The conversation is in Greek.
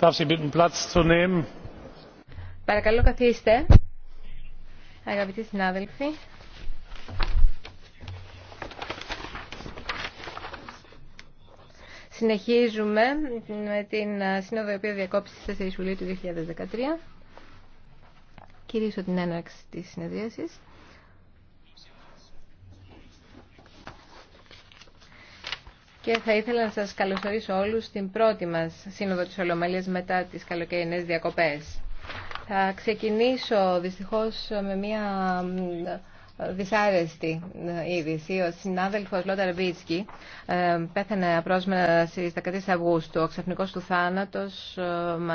Darf Παρακαλώ καθίστε, αγαπητοί συνάδελφοι. Συνεχίζουμε με την ε, σύνοδο η οποία διακόπησε στις 4 Ιουλίου του 2013. Κυρίσω την έναρξη της συνεδρίασης. και θα ήθελα να σας καλωσορίσω όλους στην πρώτη μας σύνοδο της Ολομέλειας μετά τις καλοκαιρινές διακοπές. Θα ξεκινήσω δυστυχώς με μια δυσάρεστη ε, είδηση. Ο συνάδελφος Λόταρ Βίτσκι ε, πέθανε απρόσμενα στις 13 Αυγούστου. Ο ξαφνικός του θάνατος ε,